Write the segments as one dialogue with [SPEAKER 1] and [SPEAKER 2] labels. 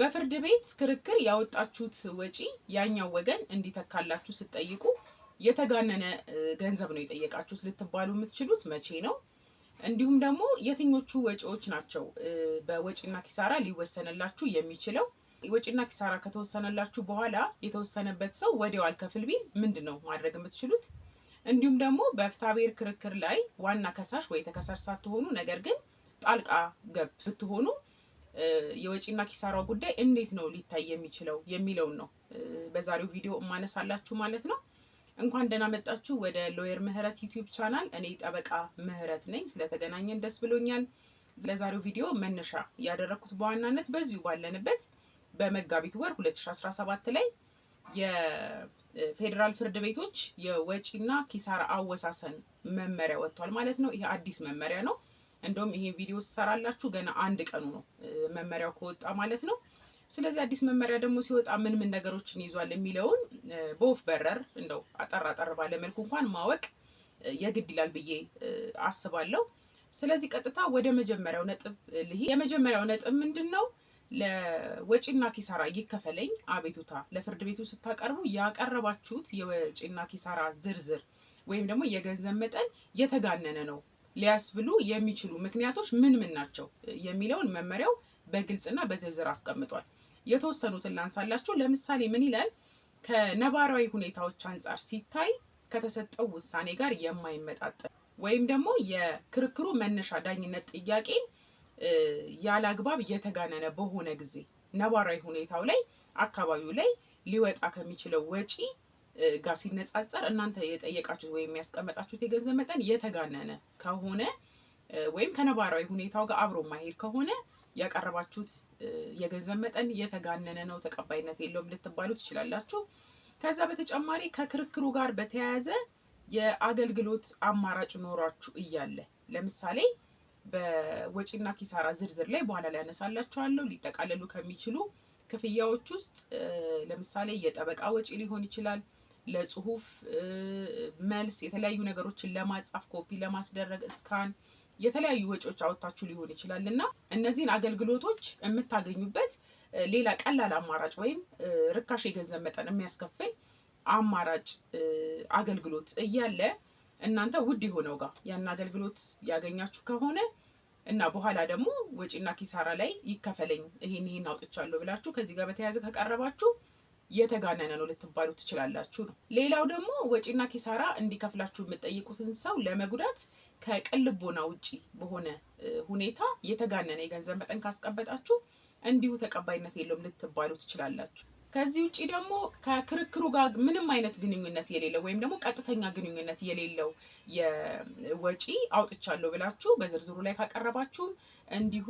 [SPEAKER 1] በፍርድ ቤት ክርክር ያወጣችሁት ወጪ ያኛው ወገን እንዲተካላችሁ ስትጠይቁ የተጋነነ ገንዘብ ነው የጠየቃችሁት ልትባሉ የምትችሉት መቼ ነው? እንዲሁም ደግሞ የትኞቹ ወጪዎች ናቸው በወጪና ኪሳራ ሊወሰንላችሁ የሚችለው? ወጪና ኪሳራ ከተወሰነላችሁ በኋላ የተወሰነበት ሰው ወዲያው አልከፍል ቢል ምንድን ነው ማድረግ የምትችሉት? እንዲሁም ደግሞ በፍትሐብሔር ክርክር ላይ ዋና ከሳሽ ወይ ተከሳሽ ሳትሆኑ ነገር ግን ጣልቃ ገብ ብትሆኑ የወጪና ኪሳራው ጉዳይ እንዴት ነው ሊታይ የሚችለው የሚለውን ነው በዛሬው ቪዲዮ እማነሳላችሁ ማለት ነው። እንኳን ደህና መጣችሁ ወደ ሎየር ምህረት ዩቲዩብ ቻናል። እኔ ጠበቃ ምህረት ነኝ። ስለተገናኘን ደስ ብሎኛል። ለዛሬው ቪዲዮ መነሻ ያደረኩት በዋናነት በዚሁ ባለንበት በመጋቢት ወር 2017 ላይ የፌዴራል ፍርድ ቤቶች የወጪና ኪሳራ አወሳሰን መመሪያ ወጥቷል ማለት ነው። ይህ አዲስ መመሪያ ነው። እንደውም ይሄ ቪዲዮ ስሰራላችሁ ገና አንድ ቀኑ ነው መመሪያው ከወጣ ማለት ነው። ስለዚህ አዲስ መመሪያ ደግሞ ሲወጣ ምን ምን ነገሮችን ይዟል የሚለውን በወፍ በረር እንደው አጠር አጠር ባለ መልኩ እንኳን ማወቅ የግድ ይላል ብዬ አስባለሁ። ስለዚህ ቀጥታ ወደ መጀመሪያው ነጥብ ልሂድ። የመጀመሪያው ነጥብ ምንድን ነው? ለወጪና ኪሳራ ይከፈለኝ አቤቱታ ለፍርድ ቤቱ ስታቀርቡ ያቀረባችሁት የወጪና ኪሳራ ዝርዝር ወይም ደግሞ የገንዘብ መጠን የተጋነነ ነው ሊያስብሉ የሚችሉ ምክንያቶች ምን ምን ናቸው የሚለውን መመሪያው በግልጽና በዝርዝር አስቀምጧል። የተወሰኑትን ላንሳላችሁ። ለምሳሌ ምን ይላል? ከነባራዊ ሁኔታዎች አንጻር ሲታይ ከተሰጠው ውሳኔ ጋር የማይመጣጠን ወይም ደግሞ የክርክሩ መነሻ ዳኝነት ጥያቄ ያለ አግባብ እየተጋነነ በሆነ ጊዜ ነባራዊ ሁኔታው ላይ አካባቢው ላይ ሊወጣ ከሚችለው ወጪ ጋር ሲነጻጸር እናንተ የጠየቃችሁት ወይም የሚያስቀመጣችሁት የገንዘብ መጠን የተጋነነ ከሆነ ወይም ከነባራዊ ሁኔታው ጋር አብሮ ማሄድ ከሆነ ያቀረባችሁት የገንዘብ መጠን የተጋነነ ነው፣ ተቀባይነት የለውም ልትባሉ ትችላላችሁ። ከዛ በተጨማሪ ከክርክሩ ጋር በተያያዘ የአገልግሎት አማራጭ ኖሯችሁ እያለ ለምሳሌ በወጪና ኪሳራ ዝርዝር ላይ በኋላ ላይ ያነሳላችኋለሁ ሊጠቃለሉ ከሚችሉ ክፍያዎች ውስጥ ለምሳሌ የጠበቃ ወጪ ሊሆን ይችላል። ለጽሁፍ መልስ የተለያዩ ነገሮችን ለማጻፍ ኮፒ ለማስደረግ እስካን የተለያዩ ወጪዎች አወጥታችሁ ሊሆን ይችላል እና እነዚህን አገልግሎቶች የምታገኙበት ሌላ ቀላል አማራጭ ወይም ርካሽ የገንዘብ መጠን የሚያስከፍል አማራጭ አገልግሎት እያለ እናንተ ውድ የሆነው ጋር ያን አገልግሎት ያገኛችሁ ከሆነ እና በኋላ ደግሞ ወጪና ኪሳራ ላይ ይከፈለኝ ይሄን ይሄን አውጥቻለሁ ብላችሁ ከዚህ ጋር በተያያዘ ከቀረባችሁ የተጋነነ ነው ልትባሉ ትችላላችሁ ነው። ሌላው ደግሞ ወጪና ኪሳራ እንዲከፍላችሁ የምትጠይቁትን ሰው ለመጉዳት ከቅልቦና ውጪ በሆነ ሁኔታ የተጋነነ የገንዘብ መጠን ካስቀበጣችሁ እንዲሁ ተቀባይነት የለውም ልትባሉ ትችላላችሁ። ከዚህ ውጪ ደግሞ ከክርክሩ ጋር ምንም አይነት ግንኙነት የሌለው ወይም ደግሞ ቀጥተኛ ግንኙነት የሌለው የወጪ አውጥቻለሁ ብላችሁ በዝርዝሩ ላይ ካቀረባችሁም እንዲሁ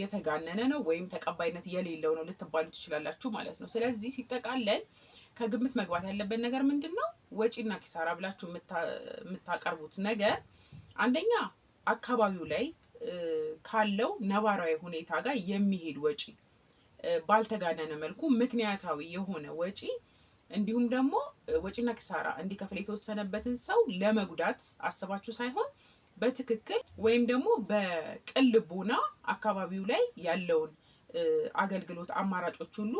[SPEAKER 1] የተጋነነ ነው ወይም ተቀባይነት የሌለው ነው ልትባሉ ትችላላችሁ ማለት ነው። ስለዚህ ሲጠቃለል ከግምት መግባት ያለበት ነገር ምንድን ነው? ወጪና ኪሳራ ብላችሁ የምታቀርቡት ነገር አንደኛ አካባቢው ላይ ካለው ነባራዊ ሁኔታ ጋር የሚሄድ ወጪ፣ ባልተጋነነ መልኩ ምክንያታዊ የሆነ ወጪ እንዲሁም ደግሞ ወጪና ኪሳራ እንዲከፍል የተወሰነበትን ሰው ለመጉዳት አስባችሁ ሳይሆን በትክክል ወይም ደግሞ በቅልቦና አካባቢው ላይ ያለውን አገልግሎት አማራጮች ሁሉ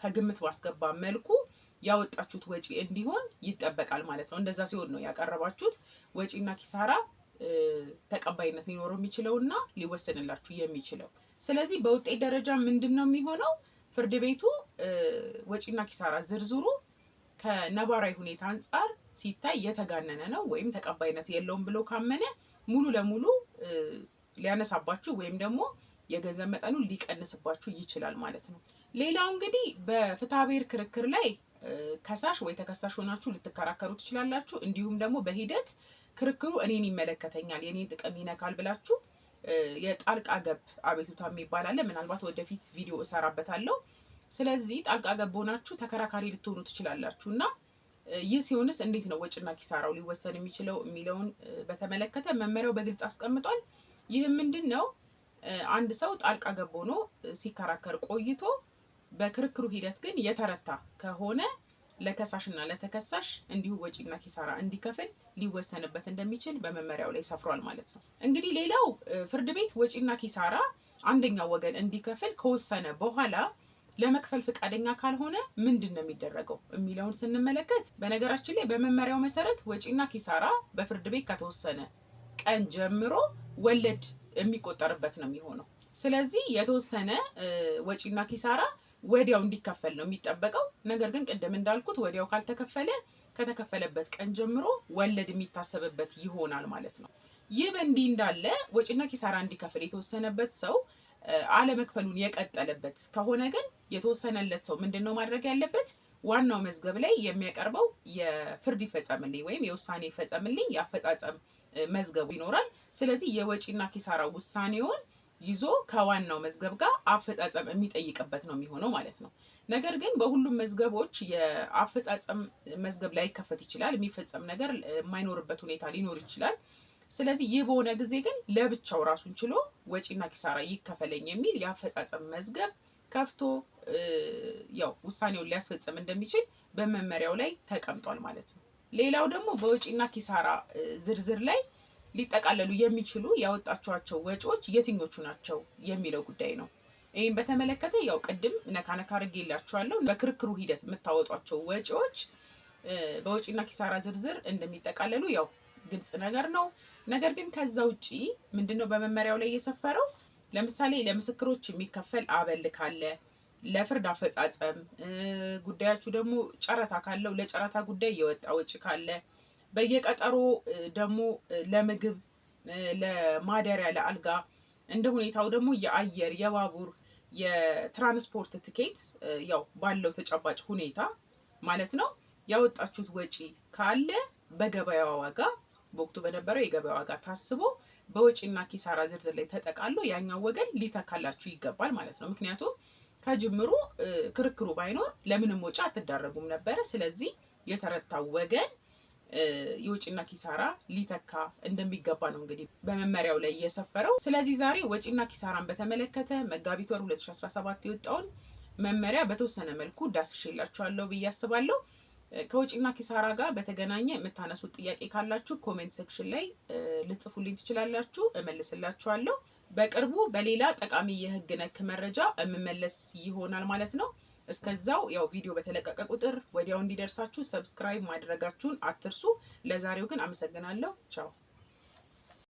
[SPEAKER 1] ከግምት ባስገባ መልኩ ያወጣችሁት ወጪ እንዲሆን ይጠበቃል ማለት ነው። እንደዛ ሲሆን ነው ያቀረባችሁት ወጪና ኪሳራ ተቀባይነት ሊኖረው የሚችለው እና ሊወሰንላችሁ የሚችለው። ስለዚህ በውጤት ደረጃ ምንድን ነው የሚሆነው? ፍርድ ቤቱ ወጪና ኪሳራ ዝርዝሩ ከነባራዊ ሁኔታ አንጻር ሲታይ የተጋነነ ነው ወይም ተቀባይነት የለውም ብሎ ካመነ ሙሉ ለሙሉ ሊያነሳባችሁ ወይም ደግሞ የገንዘብ መጠኑን ሊቀንስባችሁ ይችላል ማለት ነው። ሌላው እንግዲህ በፍትሐ ክርክር ላይ ከሳሽ ወይ ተከሳሽ ሆናችሁ ልትከራከሩ ትችላላችሁ። እንዲሁም ደግሞ በሂደት ክርክሩ እኔን ይመለከተኛል፣ የኔን ጥቅም ይነካል ብላችሁ የጣልቃ ገብ አቤቱታ የሚባል አለ። ምናልባት ወደፊት ቪዲዮ እሰራበታለሁ። ስለዚህ ጣልቃ ገብ ሆናችሁ ተከራካሪ ልትሆኑ ትችላላችሁ እና ይህ ሲሆንስ እንዴት ነው ወጭና ኪሳራው ሊወሰን የሚችለው የሚለውን በተመለከተ መመሪያው በግልጽ አስቀምጧል። ይህም ምንድን ነው? አንድ ሰው ጣልቃ ገብ ሆኖ ሲከራከር ቆይቶ በክርክሩ ሂደት ግን የተረታ ከሆነ ለከሳሽና ለተከሳሽ እንዲሁ ወጪና ኪሳራ እንዲከፍል ሊወሰንበት እንደሚችል በመመሪያው ላይ ሰፍሯል ማለት ነው። እንግዲህ ሌላው ፍርድ ቤት ወጪና ኪሳራ አንደኛው ወገን እንዲከፍል ከወሰነ በኋላ ለመክፈል ፈቃደኛ ካልሆነ ምንድን ነው የሚደረገው የሚለውን ስንመለከት በነገራችን ላይ በመመሪያው መሰረት ወጪና ኪሳራ በፍርድ ቤት ከተወሰነ ቀን ጀምሮ ወለድ የሚቆጠርበት ነው የሚሆነው። ስለዚህ የተወሰነ ወጪና ኪሳራ ወዲያው እንዲከፈል ነው የሚጠበቀው። ነገር ግን ቅድም እንዳልኩት ወዲያው ካልተከፈለ ከተከፈለበት ቀን ጀምሮ ወለድ የሚታሰብበት ይሆናል ማለት ነው። ይህ በእንዲህ እንዳለ ወጪና ኪሳራ እንዲከፍል የተወሰነበት ሰው አለመክፈሉን የቀጠለበት ከሆነ ግን የተወሰነለት ሰው ምንድን ነው ማድረግ ያለበት? ዋናው መዝገብ ላይ የሚያቀርበው የፍርድ ይፈጸምልኝ ወይም የውሳኔ ይፈጸምልኝ የአፈጻጸም መዝገቡ ይኖራል። ስለዚህ የወጪና ኪሳራ ውሳኔውን ይዞ ከዋናው መዝገብ ጋር አፈጻጸም የሚጠይቅበት ነው የሚሆነው ማለት ነው። ነገር ግን በሁሉም መዝገቦች የአፈጻጸም መዝገብ ላይከፈት ይችላል። የሚፈጸም ነገር የማይኖርበት ሁኔታ ሊኖር ይችላል። ስለዚህ ይህ በሆነ ጊዜ ግን ለብቻው ራሱን ችሎ ወጪና ኪሳራ ይከፈለኝ የሚል የአፈጻጸም መዝገብ ከፍቶ ያው ውሳኔውን ሊያስፈጽም እንደሚችል በመመሪያው ላይ ተቀምጧል ማለት ነው። ሌላው ደግሞ በወጪና ኪሳራ ዝርዝር ላይ ሊጠቃለሉ የሚችሉ ያወጣችኋቸው ወጪዎች የትኞቹ ናቸው የሚለው ጉዳይ ነው። ይህም በተመለከተ ያው ቅድም ነካነካ አድርጌላችኋለሁ። በክርክሩ ሂደት የምታወጧቸው ወጪዎች በወጪና ኪሳራ ዝርዝር እንደሚጠቃለሉ ያው ግልጽ ነገር ነው። ነገር ግን ከዛ ውጪ ምንድነው በመመሪያው ላይ የሰፈረው ለምሳሌ ለምስክሮች የሚከፈል አበል ካለ፣ ለፍርድ አፈጻጸም ጉዳያችሁ ደግሞ ጨረታ ካለው ለጨረታ ጉዳይ የወጣ ወጪ ካለ፣ በየቀጠሮ ደግሞ ለምግብ፣ ለማደሪያ፣ ለአልጋ እንደ ሁኔታው ደግሞ የአየር፣ የባቡር፣ የትራንስፖርት ትኬት ያው ባለው ተጨባጭ ሁኔታ ማለት ነው ያወጣችሁት ወጪ ካለ በገበያ ዋጋ በወቅቱ በነበረው የገበያ ዋጋ ታስቦ በወጪና ኪሳራ ዝርዝር ላይ ተጠቃሎ ያኛው ወገን ሊተካላችሁ ይገባል ማለት ነው። ምክንያቱም ከጅምሩ ክርክሩ ባይኖር ለምንም ወጪ አትዳረጉም ነበረ። ስለዚህ የተረታው ወገን የወጪና ኪሳራ ሊተካ እንደሚገባ ነው እንግዲህ በመመሪያው ላይ እየሰፈረው። ስለዚህ ዛሬ ወጪና ኪሳራን በተመለከተ መጋቢት ወር 2017 የወጣውን መመሪያ በተወሰነ መልኩ ዳስሽላችኋለሁ ብዬ አስባለሁ። ከወጪና ኪሳራ ጋር በተገናኘ የምታነሱት ጥያቄ ካላችሁ ኮሜንት ሴክሽን ላይ ልጽፉልኝ ትችላላችሁ፣ እመልስላችኋለሁ። በቅርቡ በሌላ ጠቃሚ የህግ ነክ መረጃ የምመለስ ይሆናል ማለት ነው። እስከዛው ያው ቪዲዮ በተለቀቀ ቁጥር ወዲያው እንዲደርሳችሁ ሰብስክራይብ ማድረጋችሁን አትርሱ። ለዛሬው ግን አመሰግናለሁ። ቻው